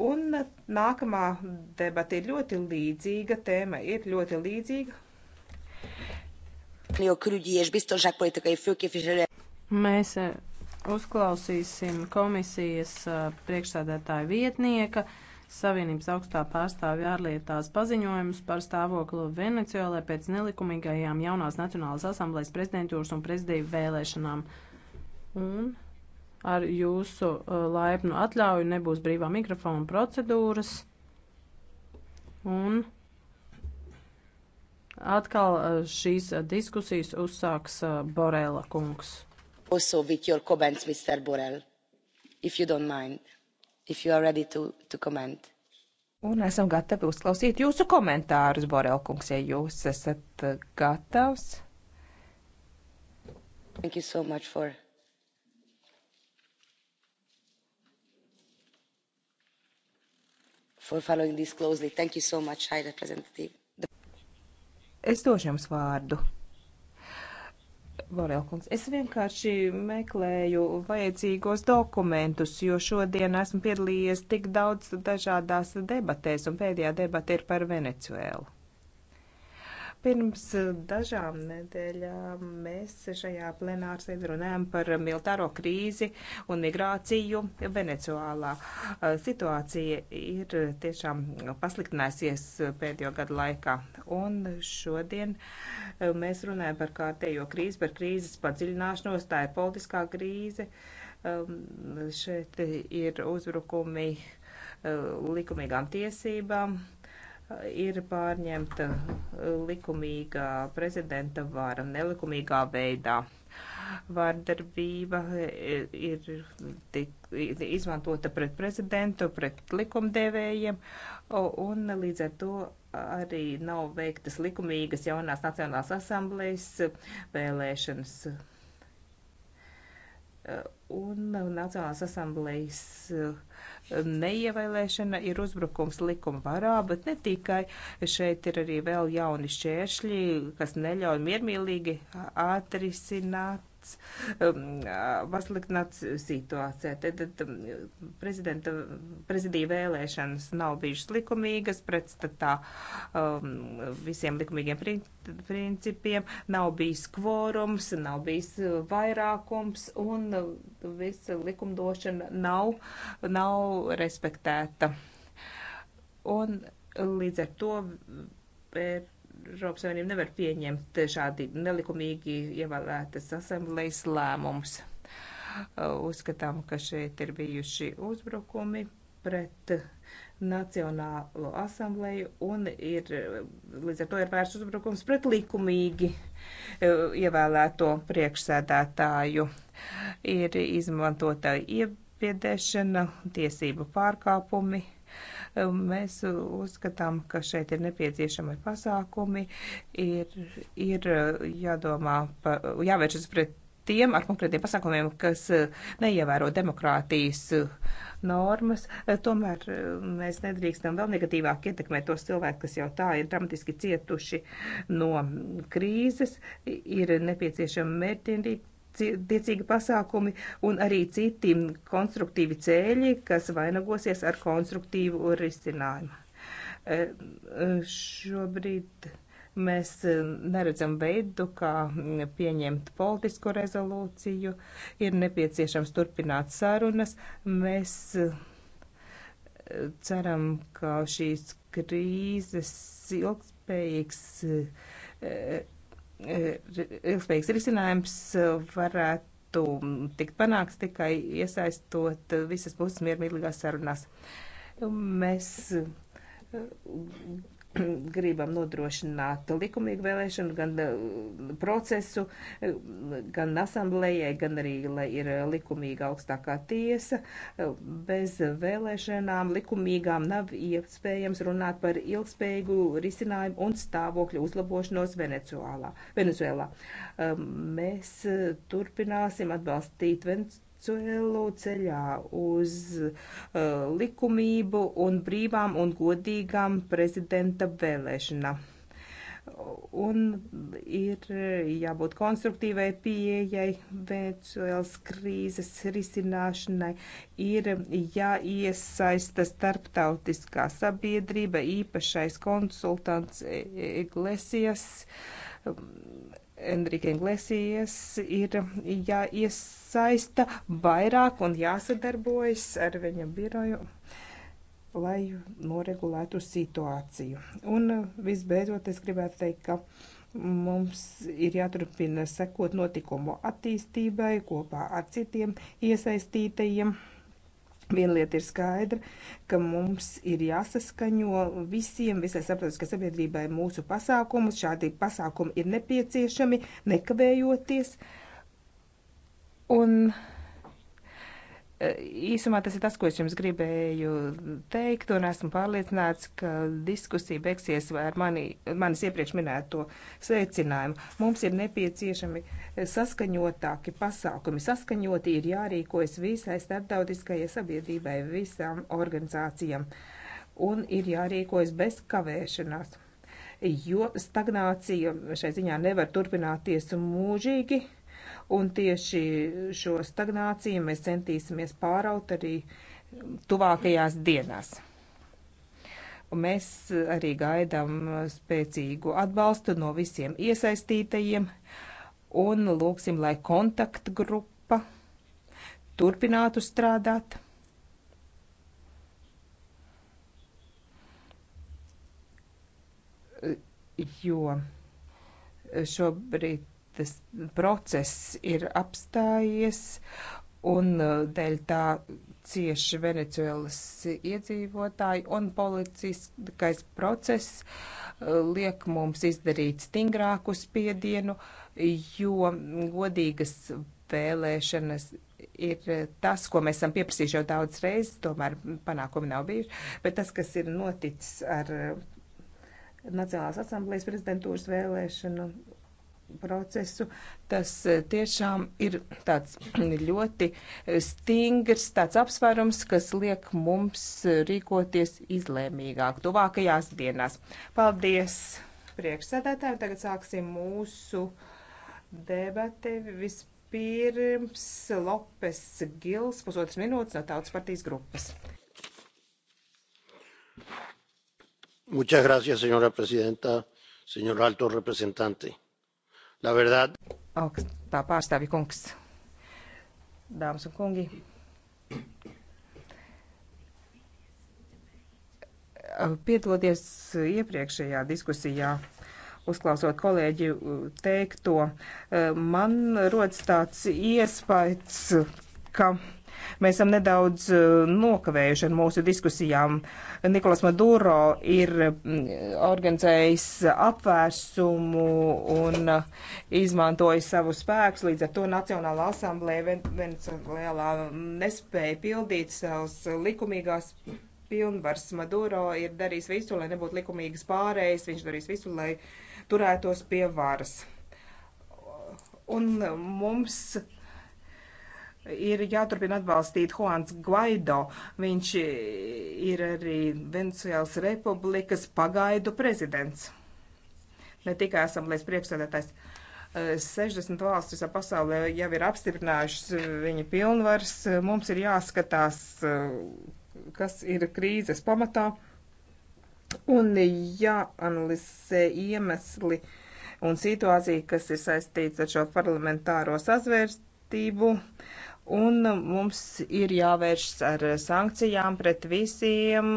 Un nākamā debata ir ļoti līdzīga, tēma ir ļoti līdzīga. Mēs eh, uzklausīsim komisijas eh, priekšsēdētāja vietnieka Savienības augstā pārstāvja ārlietās paziņojumus par stāvokli Venecijolē pēc nelikumīgajām jaunās Nacionālas asamblejas prezidentūras un prezidiju vēlēšanām. Un Ar jūsu uh, laipnu atļauju nebūs brīvā mikrofona procedūras. Un atkal uh, šīs uh, diskusijas uzsāks Borela kungs. Also with your comments, Mr. Borel, if you don't mind, if you are ready to, to comment. Un esam gatavi uzklausīt jūsu komentārus, Borelkungs, ja jūs esat gatavs. Thank you so much for for following this closely. Thank you so much, High Representative. Es došu jums vārdu. Borelkungs, es vienkārši meklēju vajadzīgos dokumentus, jo šodien esmu piedalījies tik daudz dažādās debatēs, un pēdējā debata ir par Venecuēlu. Pirms eh, dažām nedēļām mēs šajā plenārsēdē runājām par eh, militāro krīzi un migrāciju Venecuālā. Eh, situācija ir tiešām pasliktinājusies pēdējo gadu laikā, un šodien mēs runājam par kārtējo krīzi, par krīzes padziļināšanos, tā ir politiskā krīze. Ehm, šeit ir uzbrukumi likumīgām tiesībām ir pārņemta likumīgā prezidenta vara nelikumīgā veidā. Vārdarbība ir izmantota pret prezidentu, pret likumdevējiem, un līdz ar to arī nav veiktas likumīgas jaunās Nacionālās asamblejas vēlēšanas Eh, un Nacionālās asamblejas eh, neievēlēšana ir uzbrukums likuma varā, bet ne tikai. Šeit ir arī vēl jauni šķēršļi, kas neļauj miermīlīgi atrisināt pats um, pasliktināts situācijā. Tad, tad um, prezidenta, prezidija vēlēšanas nav bijušas likumīgas, pretstatā um, visiem likumīgiem principiem, nav bijis kvorums, nav bijis vairākums un visa likumdošana nav, nav respektēta. Un līdz ar to Eiropas Savienība nevar pieņemt šādi nelikumīgi ievēlētas asamblejas lēmumus. Uzskatām, ka šeit ir bijuši uzbrukumi pret Nacionālo asambleju un ir, līdz ar to ir vērsts uzbrukums pret likumīgi e, ievēlēto priekšsēdētāju. Ir izmantota iebiedēšana, tiesību pārkāpumi Mēs uzskatām, ka šeit ir nepieciešami pasākumi, ir, ir eh, jādomā, pa, jāvēršas pret tiem ar konkrētiem pasākumiem, kas eh, neievēro demokrātijas eh, normas. Tomēr mēs nedrīkstam vēl negatīvāk ietekmēt tos cilvēkus, kas jau tā ir dramatiski cietuši no krīzes. Ir nepieciešama mērķienīga attiecīgi pasākumi un arī citi konstruktīvi ceļi, kas vainagosies ar konstruktīvu risinājumu. E, šobrīd mēs neredzam veidu, kā pieņemt politisko rezolūciju, ir nepieciešams turpināt sarunas. Mēs e, ceram, ka šīs krīzes ilgspējīgs e, E, ilgspējīgs risinājums varētu tikt panāks tikai iesaistot visas puses miermīlīgās sarunās. Mēs gribam nodrošināt likumīgu vēlēšanu, gan eh, procesu, eh, gan asamblējai, gan arī, lai ir eh, likumīga augstākā tiesa. Bez vēlēšanām likumīgām nav iespējams runāt par ilgspējīgu risinājumu un stāvokļu uzlabošanos Venecuālā. Venezuelā. Mēs turpināsim atbalstīt Venecuālu Venecuēlu ceļā uz uh, likumību un brīvām un godīgām prezidenta vēlēšanām un ir uh, jābūt konstruktīvai pieejai Venecuēlas krīzes risināšanai, ir jāiesaista starptautiskā sabiedrība, īpašais konsultants Iglesias um, Enrique Inglesijas ir jāiesaista vairāk un jāsadarbojas ar viņa biroju, lai noregulētu situāciju. Un visbeidzot, es gribētu teikt, ka mums ir jāturpina sekot notikumu attīstībai kopā ar citiem iesaistītajiem. Viena lieta ir skaidra, ka mums ir jāsaskaņo visiem, visai saprotiskai sabiedrībai mūsu pasākumus. Šādi pasākumi ir nepieciešami, nekavējoties. Un Īsumā tas ir tas, ko es jums gribēju teikt, un esmu pārliecināts, ka diskusija beigsies ar mani, manis iepriekš minēto sveicinājumu. Mums ir nepieciešami saskaņotāki pasākumi. Saskaņoti ir jārīkojas visai starptautiskajai sabiedrībai, visām organizācijām, un ir jārīkojas bez kavēšanās, jo stagnācija šai ziņā nevar turpināties mūžīgi. Un tieši šo stagnāciju mēs centīsimies pāraut arī tuvākajās dienās. Un mēs arī gaidām spēcīgu atbalstu no visiem iesaistītajiem un lūksim, lai kontaktgrupa turpinātu strādāt. Jo šobrīd tas process ir apstājies un uh, dēļ tā cieši Venecuēlas iedzīvotāji un policiskais process uh, liek mums izdarīt stingrāku spiedienu, jo godīgas vēlēšanas ir tas, ko mēs esam pieprasījuši jau daudz reizes, tomēr panākumi nav bijuši, bet tas, kas ir noticis ar Nacionālās asamblejas prezidentūras vēlēšanu procesu. Tas eh, tiešām ir tāds ļoti eh, stingrs tāds apsvērums, kas liek mums eh, rīkoties izlēmīgāk tuvākajās dienās. Paldies priekšsēdētājiem. Tagad sāksim mūsu debati. Vispirms Lopes Gils, pusotras minūtes no Tautas partijas grupas. Muchas gracias, señora presidenta, señor alto representante La verdad. Augstā pārstāvja kungs, dāmas un kungi. Piedodies iepriekšējā diskusijā, uzklausot kolēģi teikto, man rodas tāds iespējas, ka Mēs esam nedaudz eh, nokavējuši ar mūsu diskusijām. Nikolas Maduro ir mm, organizējis apvērsumu un eh, izmantojis savus spēkus, līdz ar to Nacionāla asamblēja Venecijā nespēja pildīt savus likumīgās pilnvars. Maduro ir darījis visu, lai nebūtu likumīgas pārējas, viņš darīs visu, lai turētos pie varas. Un mums uh, ir jāturpina atbalstīt Juans Guaido. Viņš ir arī Venecijāls republikas pagaidu prezidents. Ne tikai asamblējas priekšsēdētājs. 60 valstis visā pasaulē jau ir apstiprinājušas viņa pilnvars. Mums ir jāskatās, kas ir krīzes pamatā un jāanalizē iemesli un situācija, kas ir saistīts ar šo parlamentāro sazvērstību Un mums ir jāvēršas ar sankcijām pret visiem,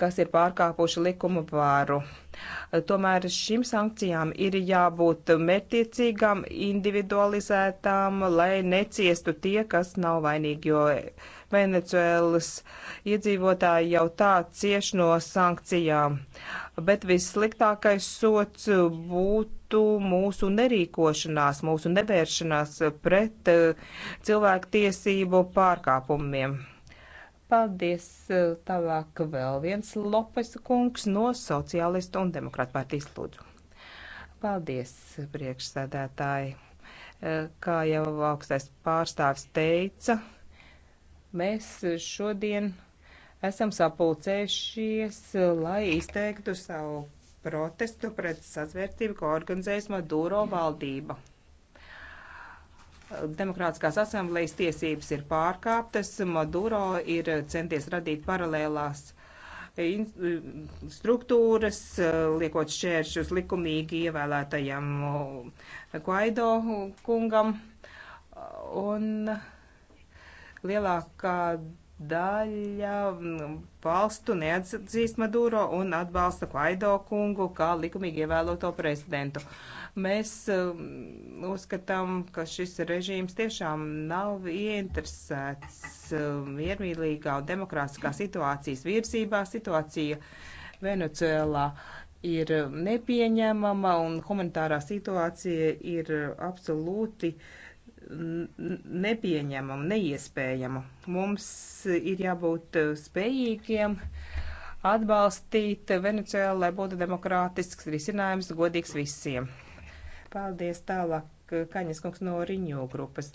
kas ir pārkāpuši likuma vāru. Tomēr šīm sankcijām ir jābūt mērķtiecīgām, individualizētām, lai neciestu tie, kas nav vainīgi, jo Venecuēlas iedzīvotāji jau tā cieš no sankcijām, bet vissliktākais sots būtu mūsu nerīkošanās, mūsu nevēršanās pret eh, cilvēktiesību pārkāpumiem. Paldies, eh, tālāk vēl viens Lopes kungs no Sociālistu un Demokrātu partijas lūdzu. Paldies, priekšsēdētāji. Eh, Kā jau augstais pārstāvs teica, uh, Mēs šodien esam sapulcējušies, lai izteiktu savu protestu pret sazvērtību, ko organizējas Maduro valdība. Demokrātiskās asamblejas tiesības ir pārkāptas, Maduro ir centies radīt paralēlās struktūras, liekot šķēršus likumīgi ievēlētajam Guaido kungam. Un uh, Lielākā daļa mm, valstu neatzīst Maduro un atbalsta Kvaido kungu kā likumīgi ievēloto prezidentu. Mēs mm, uzskatām, ka šis režīms tiešām nav ieinteresēts mm, miermīlīgā un demokrātiskā situācijas virsībā. Situācija Venecuēlā ir nepieņemama un humanitārā situācija ir absolūti uh, nepieņemamu, neiespējamu. Mums ir jābūt spējīgiem atbalstīt Venecijā, lai būtu demokrātisks risinājums, godīgs visiem. Paldies tālāk, Kaņas kungs no Riņo grupas.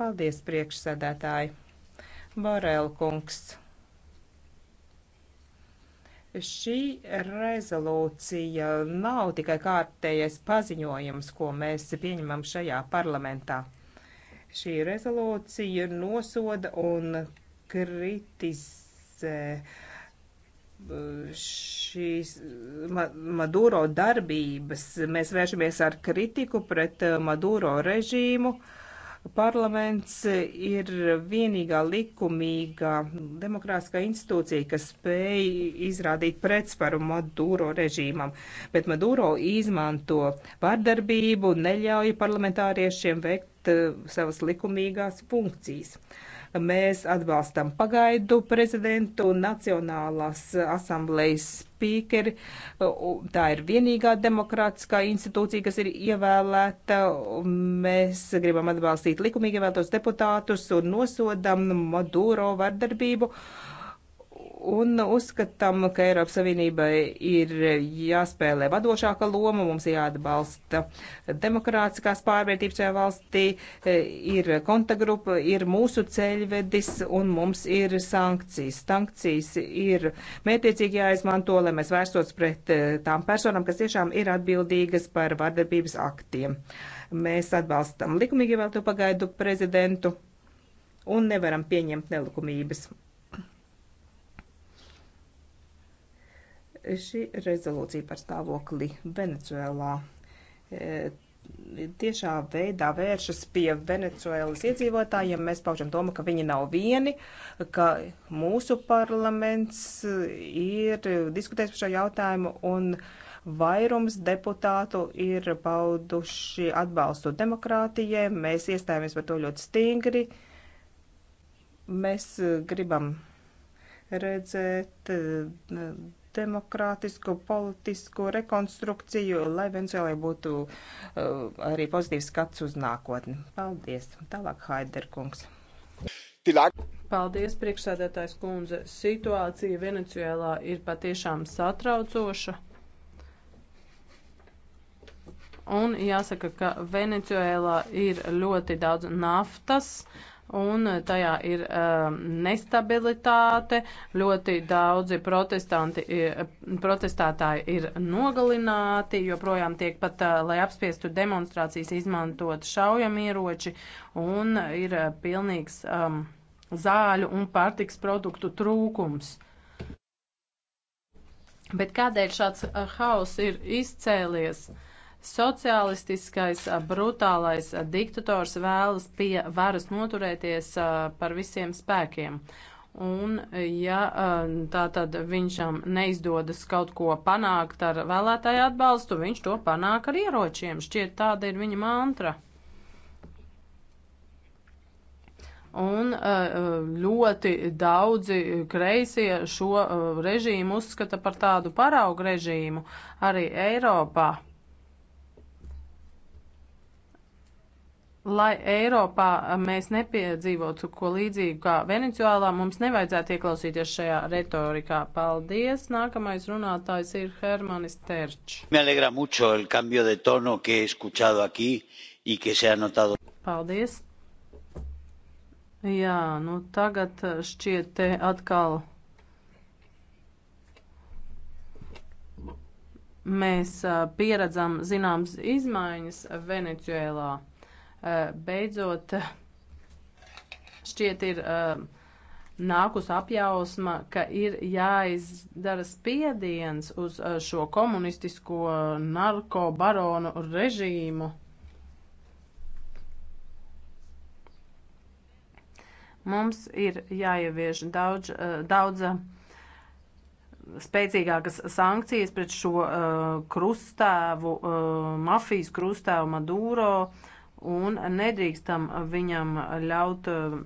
Paldies, priekšsēdētāji. Borel kungs. Šī rezolūcija nav tikai kārtējais paziņojums, ko mēs pieņemam šajā parlamentā. Šī rezolūcija nosoda un kritizē uh, šīs Maduro darbības. Mēs vēršamies ar kritiku pret uh, Maduro režīmu. Uh, Parlaments ir vienīgā likumīgā demokrātiskā institūcija, kas spēj izrādīt pretsvaru Maduro režīmam, bet Maduro izmanto vardarbību, neļauj parlamentāriešiem veikt veikt eh, savas likumīgās funkcijas. Mēs atbalstam pagaidu prezidentu un Nacionālās asamblejas spīkeri. Tā ir vienīgā demokrātiskā institūcija, kas ir ievēlēta. Mēs gribam atbalstīt likumīgi ievēlētos deputātus un nosodam Maduro vardarbību. Uh, un uzskatām, ka Eiropas Savienībai ir jāspēlē vadošāka loma, mums jāatbalsta demokrātiskās pārvērtības šajā valstī, e, ir kontagrupa, ir mūsu ceļvedis un mums ir sankcijas. Sankcijas ir mētiecīgi jāizmanto, lai mēs vērstos pret e, tām personām, kas tiešām ir atbildīgas par vardarbības aktiem. Mēs atbalstam likumīgi vēl to pagaidu prezidentu un nevaram pieņemt nelikumības. Šī rezolūcija par stāvokli Venecuēlā e, tiešā veidā vēršas pie Venecuēlas iedzīvotājiem. Mēs paužam domu, ka viņi nav vieni, ka mūsu parlaments ir diskutējis par šo jautājumu un vairums deputātu ir pauduši atbalstu demokrātijai. Mēs iestājāmies par to ļoti stingri. Mēs gribam redzēt demokrātisku politisku rekonstrukciju, lai Venecijai būtu uh, arī pozitīvs skats uz nākotni. Paldies. Tālāk Haiderkungs. Paldies, priekšsēdētājs kundze. Situācija Venecijā ir patiešām satraucoša. Un jāsaka, ka Venecijā ir ļoti daudz naftas. Uh, un tajā ir um, nestabilitāte, ļoti daudzi protestanti, eh, protestētāji ir nogalināti, joprojām tiek pat, uh, lai apspiestu demonstrācijas, izmantot šaujamieroči, un ir uh, pilnīgs um, zāļu un pārtiks produktu trūkums. Bet kādēļ šāds uh, haus ir izcēlies? Uh, Sociālistiskais brutālais diktators vēlas pie varas noturēties par visiem spēkiem. Un, ja tā tad viņam neizdodas kaut ko panākt ar vēlētāju atbalstu, viņš to panāk ar ieročiem. Šķiet, tāda ir viņa mantra. Un ļoti daudzi kreisie šo režīmu uzskata par tādu paraugu režīmu arī Eiropā. Lai Eiropā mēs nepiedzīvotu ko līdzīgu kā Venecijālā, mums nevajadzētu ieklausīties šajā retorikā. Paldies! Nākamais runātājs ir Hermanis Terčs. Paldies! Jā, nu tagad šķiet te atkal. mēs pieredzam zināmas izmaiņas Venecijā. Eh, beidzot šķiet ir eh, nākus apjausma, ka ir jāizdara spiediens uz eh, šo komunistisko narkobaronu režīmu. Mums ir jāievieš daudz, daudz spēcīgākas sankcijas pret šo krustēvu, mafijas krustēvu Maduro un nedrīkstam viņam ļaut eh,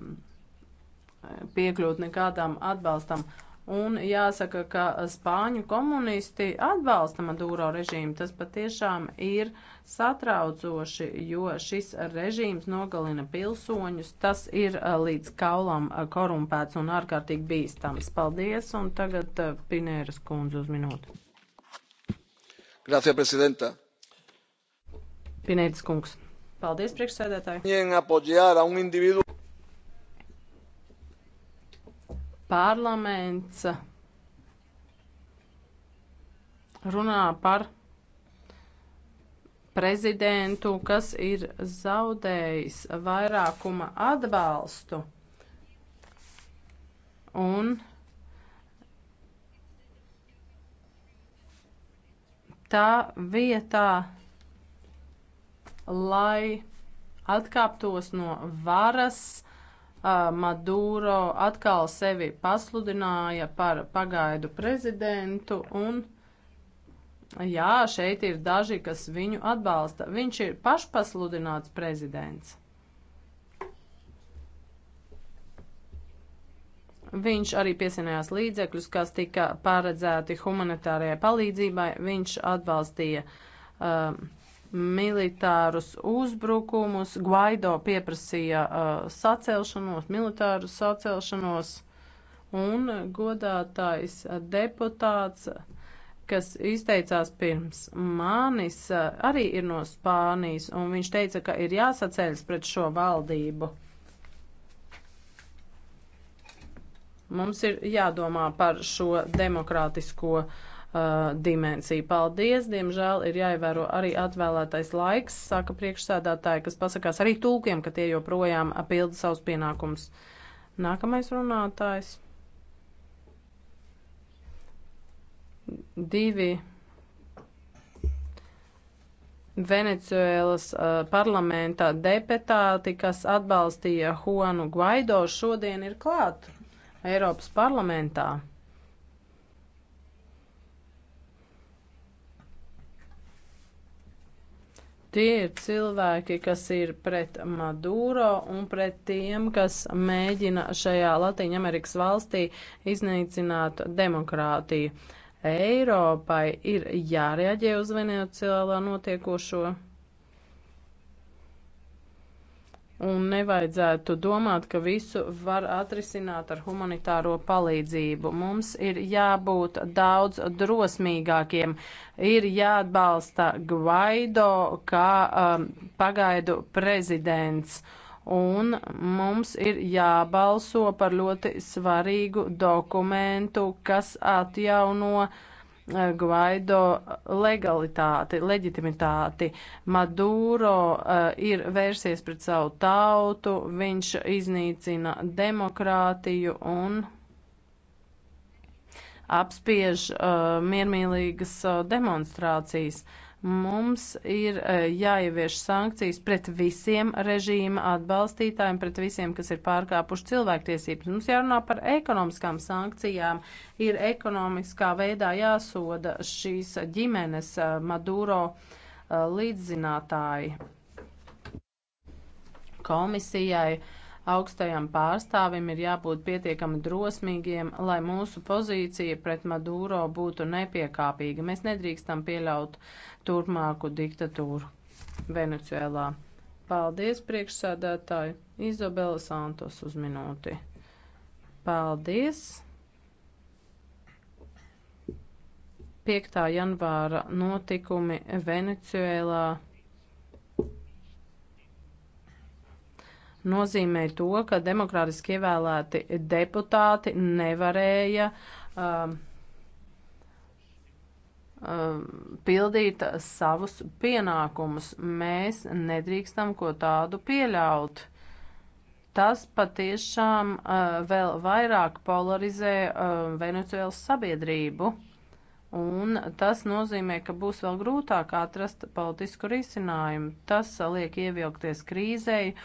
piekļūt nekādām atbalstam. Un jāsaka, ka spāņu komunisti atbalsta Maduro režīmu. Tas patiešām ir satraucoši, jo šis režīms nogalina pilsoņus. Tas ir eh, līdz kaulam eh, korumpēts un ārkārtīgi bīstams. Paldies, un tagad Pinēras kundze uz minūti. Gracias, prezidenta. Pinēras kungs. Paldies, priekšsēdētāji. Parlaments runā par prezidentu, kas ir zaudējis vairākuma atbalstu. Un tā vietā lai atkāptos no varas. Maduro atkal sevi pasludināja par pagaidu prezidentu un jā, šeit ir daži, kas viņu atbalsta. Viņš ir pašpasludināts prezidents. Viņš arī piesaistījās līdzekļus, kas tika paredzēti humanitārajai palīdzībai. Viņš atbalstīja um, uh, militārus uzbrukumus. Guaido pieprasīja uh, sacelšanos, militāru sacelšanos, un godātais deputāts, kas izteicās pirms manis, uh, arī ir no Spānijas, un viņš teica, ka ir jāsaceļas pret šo valdību. Mums ir jādomā par šo demokrātisko uh, Uh, dimensiju. Paldies! Diemžēl ir jāievēro arī atvēlētais laiks, saka priekšsēdātāji, kas pasakās arī tūkiem, ka tie joprojām pilda savus pienākumus. Nākamais runātājs. Divi Venecuēlas uh, parlamentā deputāti, kas atbalstīja Juanu Guaido, šodien ir klāt Eiropas parlamentā. Tie ir cilvēki, kas ir pret Maduro un pret tiem, kas mēģina šajā Latīņamerikas valstī iznīcināt demokrātiju. Eiropai ir jārēģē uz Venecijālā notiekošo. un nevajadzētu domāt, ka visu var atrisināt ar humanitāro palīdzību. Mums ir jābūt daudz drosmīgākiem, ir jāatbalsta Gvaido kā um, pagaidu prezidents. Un mums ir jābalso par ļoti svarīgu dokumentu, kas atjauno uh, Gvaido legalitāti, leģitimitāti. Maduro uh, ir vērsies pret savu tautu, viņš iznīcina demokrātiju un apspiež uh, miermīlīgas uh, demonstrācijas. Uh, Mums ir e, jāievieš sankcijas pret visiem režīma atbalstītājiem, pret visiem, kas ir pārkāpuši cilvēktiesības. Mums jārunā par ekonomiskām sankcijām. Ir ekonomiskā veidā jāsoda šīs ģimenes e, Maduro e, līdzzinātāji komisijai. Augstajam pārstāvim ir jābūt pietiekami drosmīgiem, lai mūsu pozīcija pret Maduro būtu nepiekāpīga. Mēs nedrīkstam pieļaut uh, turpmāku diktatūru Venecuēlā. Paldies, priekšsēdētāji! Izabela Santos uz minūti. Paldies! 5. janvāra notikumi Venecuēlā nozīmē to, ka demokrātiski ievēlēti deputāti nevarēja uh, um, Um, pildīt savus pienākumus. Mēs nedrīkstam ko tādu pieļaut. Tas patiešām uh, vēl vairāk polarizē uh, Venecuēlas sabiedrību, un tas nozīmē, ka būs vēl grūtāk atrast politisku risinājumu. Tas uh, liek ievilkties krīzei,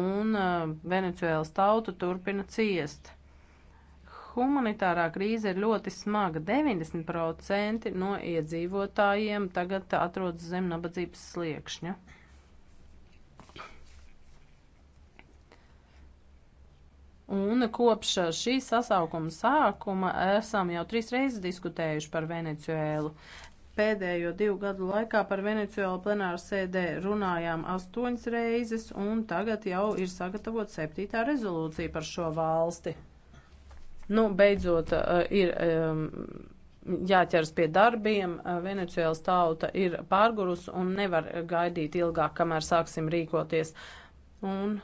un uh, Venecuēlas tauta turpina ciest humanitārā krīze ir ļoti smaga. 90% no iedzīvotājiem tagad atrodas zem nabadzības sliekšņa. Un kopš šī sasaukuma sākuma esam jau trīs reizes diskutējuši par Venecuēlu. Pēdējo divu gadu laikā par Venecuēlu plenāru sēdē runājām astoņas reizes, un tagad jau ir sagatavot septītā rezolūcija par šo valsti. Nu, beidzot, uh, ir um, jāķers pie darbiem. Uh, Venecijāls tauta ir pārgurus un nevar gaidīt ilgāk, kamēr sāksim rīkoties. Un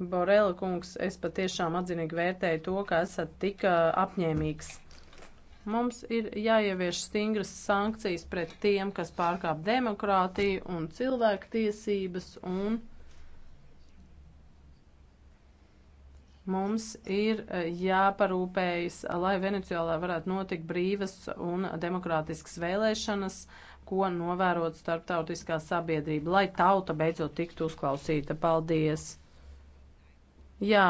Borela kungs, es patiešām atzinīgi vērtēju to, ka esat tik uh, apņēmīgs. Mums ir jāievieš stingras sankcijas pret tiem, kas pārkāp demokrātiju un cilvēku tiesības un cilvēku Mums ir e, jāparūpējas, lai Venecijolā varētu notikt brīvas un demokrātiskas vēlēšanas, ko novērot starptautiskā sabiedrība, lai tauta beidzot tiktu uzklausīta. Paldies! Jā,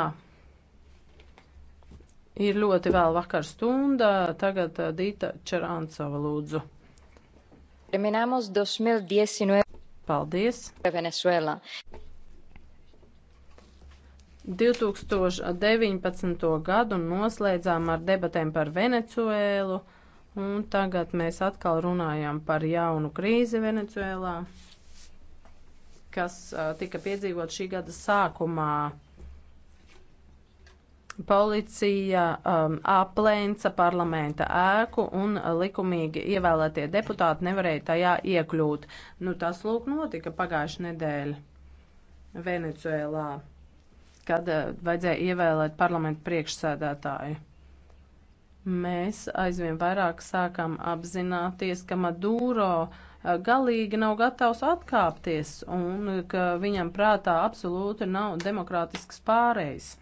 ir ļoti vēl vakar stunda. Tagad e, Dīta Čerāncova lūdzu. Terminamos 2019. Paldies! Venezuela. 2019. gadu noslēdzām ar debatēm par Venecuēlu, un tagad mēs atkal runājam par jaunu krīzi Venecuēlā, kas tika piedzīvot šī gada sākumā. Policija um, aplēca parlamenta ēku un likumīgi ievēlētie deputāti nevarēja tajā iekļūt. Nu, tas lūk notika pagājuši nedēļa Venecuēlā kad eh, vajadzēja ievēlēt parlamentu priekšsēdētāju. Mēs aizvien vairāk sākam apzināties, ka Maduro eh, galīgi nav gatavs atkāpties un eh, ka viņam prātā absolūti nav demokrātisks pārējs.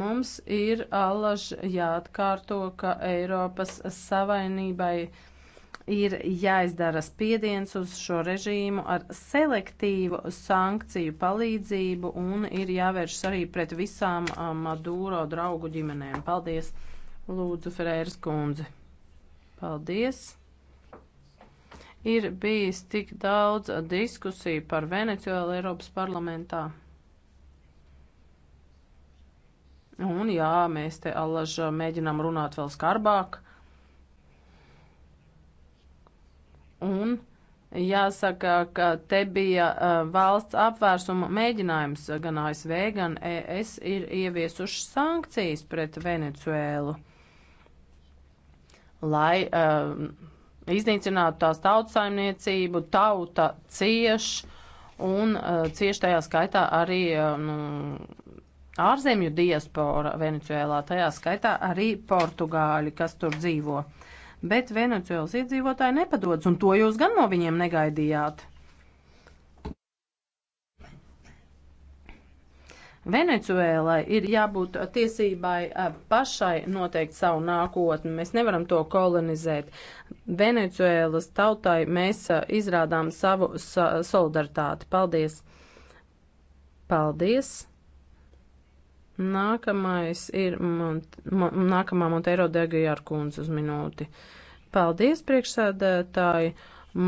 Mums ir allaž jāatkārto, ka Eiropas Savainībai uh, ir jāizdara spiediens uz šo režīmu ar selektīvu sankciju palīdzību un ir jāvēršas arī pret visām Maduro draugu ģimenēm. Paldies, Lūdzu, Ferēras kundze. Paldies. Ir bijis tik daudz diskusiju par Venecijālu Eiropas parlamentā. Un jā, mēs te allaž mēģinām runāt vēl skarbāk Un jāsaka, ka te bija uh, valsts apvērsuma mēģinājums uh, gan ASV, gan ES ir ieviesuši sankcijas pret Venecuēlu, lai uh, iznīcinātu tās tautsaimniecību, tauta cieš un uh, cieš tajā skaitā arī. Uh, nu, ārzemju diaspora Venecijā, tajā skaitā arī portugāļi, kas tur dzīvo. Uh, bet Venecuēlas iedzīvotāji nepadodas, un to jūs gan no viņiem negaidījāt. Venecuēlai ir jābūt tiesībai pašai noteikt savu nākotni. Mēs nevaram to kolonizēt. Venecuēlas tautai mēs izrādām savu solidaritāti. Paldies! Paldies! Nākamais ir Mont, Mont, nākamā Monteiro Degajāra kundze uz minūti. Paldies, priekšsēdētāji!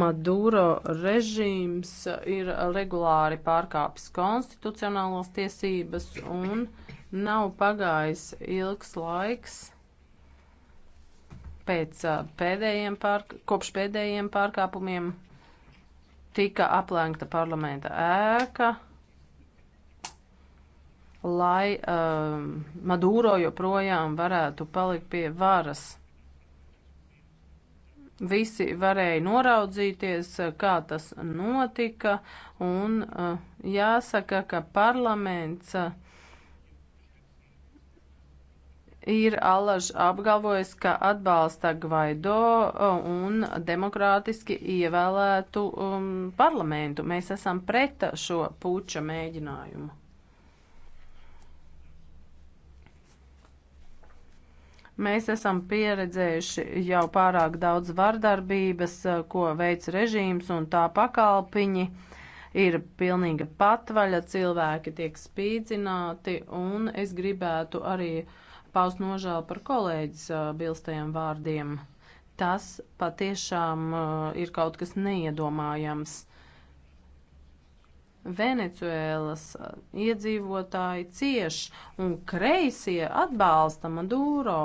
Maduro režīms ir regulāri pārkāpis konstitucionālās tiesības un nav pagājis ilgs laiks pēc pēdējiem pār, kopš pēdējiem pārkāpumiem tika aplēgta parlamenta ēka lai um, Maduro joprojām varētu palikt pie varas. Visi varēja noraudzīties, kā tas notika, un uh, jāsaka, ka parlaments uh, ir Allaž apgalvojis, ka atbalsta Gvaido uh, un demokrātiski ievēlētu um, parlamentu. Mēs esam pret šo puča mēģinājumu. Mēs esam pieredzējuši jau pārāk daudz vardarbības, eh, ko veids režīms un tā pakalpiņi. Ir pilnīga patvaļa, cilvēki tiek spīdzināti, un es gribētu arī paust nožēlu par kolēģis eh, bilstajiem vārdiem. Tas patiešām eh, ir kaut kas neiedomājams. Venecuēlas iedzīvotāji cieš un kreisie atbalsta Maduro.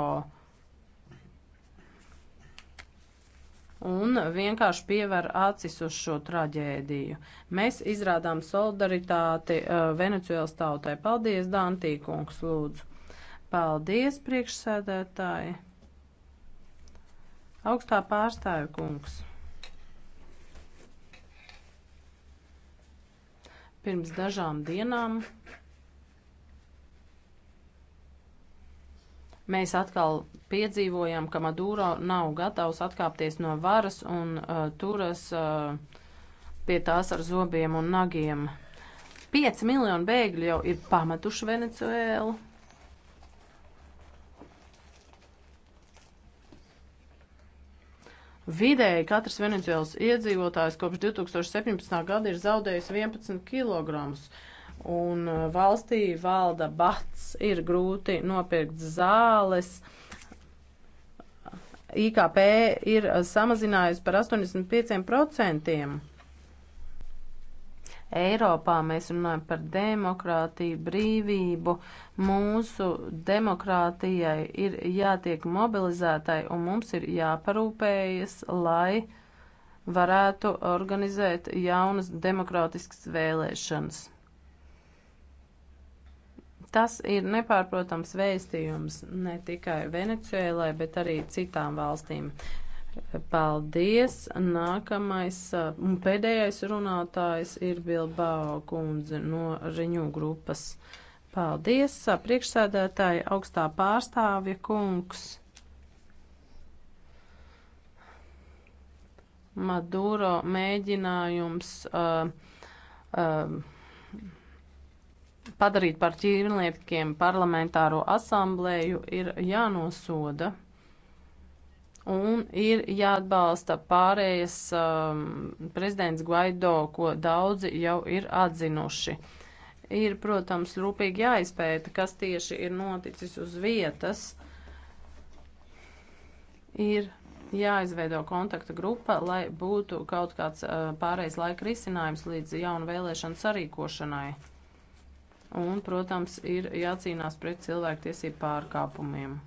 Un vienkārši piever acis uz šo traģēdiju. Mēs izrādām solidaritāti uh, Venecuēlas tautai. Paldies, Dantīkungs, lūdzu. Paldies, priekšsēdētāji. Augstā pārstāju kungs. Pirms dažām dienām mēs atkal piedzīvojam, ka Maduro nav gatavs atkāpties no varas un uh, turas uh, pie tās ar zobiem un nagiem. 5 miljoni bēgļu jau ir pametuši Venecuēlu, Vidēji katrs Venecijāls iedzīvotājs kopš 2017. gada ir zaudējis 11 kg. Un uh, valstī valda bats, ir grūti nopirkt zāles. IKP ir uh, samazinājusi par 85%. Eiropā mēs runājam par demokrātiju, brīvību. Mūsu demokrātijai ir jātiek mobilizētai un mums ir jāparūpējas, lai varētu organizēt jaunas demokrātiskas vēlēšanas. Tas ir nepārprotams vēstījums ne tikai Venecijai, bet arī citām valstīm. Paldies! Nākamais un pēdējais runātājs ir Bilbao kundze no Riņu grupas. Paldies! Priekšsēdētāji augstā pārstāvja kungs. Maduro mēģinājums uh, uh, padarīt par ķīrliepkiem parlamentāro asamblēju ir jānosoda un ir jāatbalsta pārējais um, prezidents Guaido, ko daudzi jau ir atzinuši. Ir, protams, rūpīgi jāizpēta, kas tieši ir noticis uz vietas. Ir jāizveido kontakta grupa, lai būtu kaut kāds uh, pārējais laika risinājums līdz jaunu vēlēšanu sarīkošanai. Un, protams, ir jācīnās pret cilvēktiesību pārkāpumiem.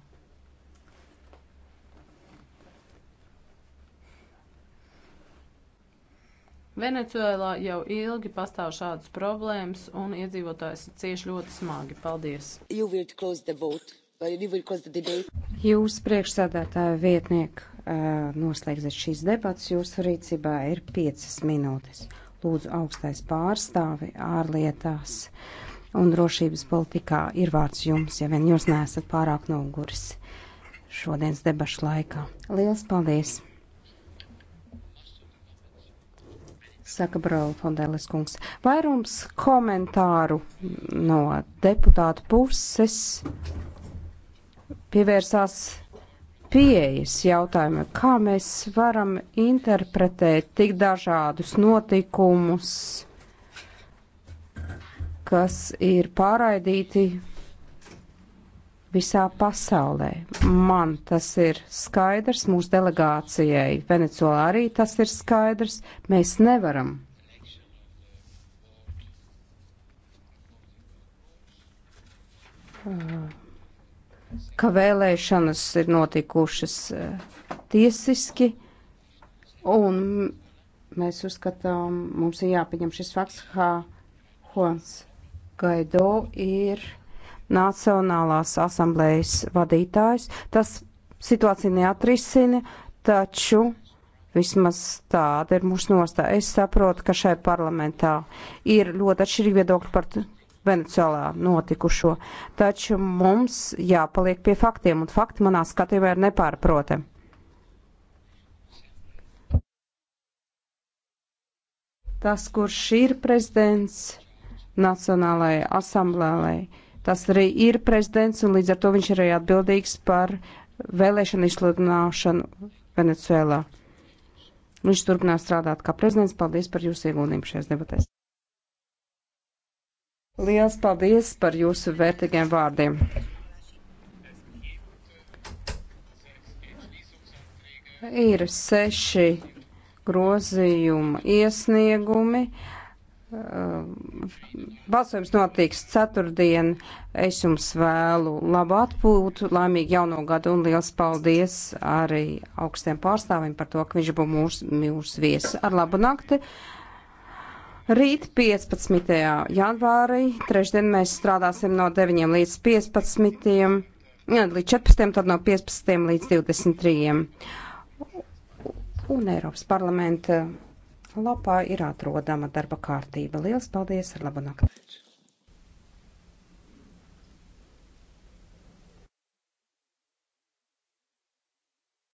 Venecuēlā jau ilgi pastāv šādas problēmas, un iedzīvotājs cieši ļoti smagi. Paldies! Jūs priekšsādātāja vietnieku noslēgsiet šīs debatas. Jūsu rīcībā ir piecas minūtes. Lūdzu, augstais pārstāvi ārlietās un drošības politikā ir vārds jums, ja vien jūs neesat pārāk noguris šodienas debašu laikā. Lielas paldies! saka Braula Fondēlis kungs. Vairums komentāru no deputātu puses pievērsās pieejas jautājumam, kā mēs varam interpretēt tik dažādus notikumus, kas ir pārraidīti visā pasaulē. Man tas ir skaidrs, mūsu delegācijai Venecijolā arī tas ir skaidrs. Mēs nevaram. ka vēlēšanas ir notikušas eh, tiesiski, un mēs uzskatām, mums ir jāpieņem šis fakts, kā Hons Gaido ir Nacionālās asamblējas vadītājs. Tas situācija neatrisina, taču vismaz tāda ir mūsu nostāja. Es saprotu, ka šai parlamentā ir ļoti atšķirīgi viedokļi par Venecijā notikušo, taču mums jāpaliek pie faktiem, un fakti manā skatījumā ir nepārprotami. Tas, kurš ir prezidents Nacionālajai asamblējai, Tas arī ir prezidents, un līdz ar to viņš ir arī atbildīgs par vēlēšanu izsludināšanu Venecuēlā. Viņš turpinās strādāt kā prezidents. Paldies par jūsu ieguldījumu šajās debatēs. Liels paldies par jūsu vērtīgiem vārdiem. Ir seši grozījuma iesniegumi. Um, balsojums notiks ceturtdien. Es jums vēlu labu atpūtu, laimīgu jauno gadu un liels paldies arī augstiem pārstāvim par to, ka viņš bija mūsu mūs viesis. Ar labu nakti! Rīt 15. janvārī, trešdien mēs strādāsim no 9 līdz 15. Jā, līdz 14. tad no 15. līdz 23. Un Eiropas parlamenta lapā ir atrodama darba kārtība. Lielas paldies! Labu nakti!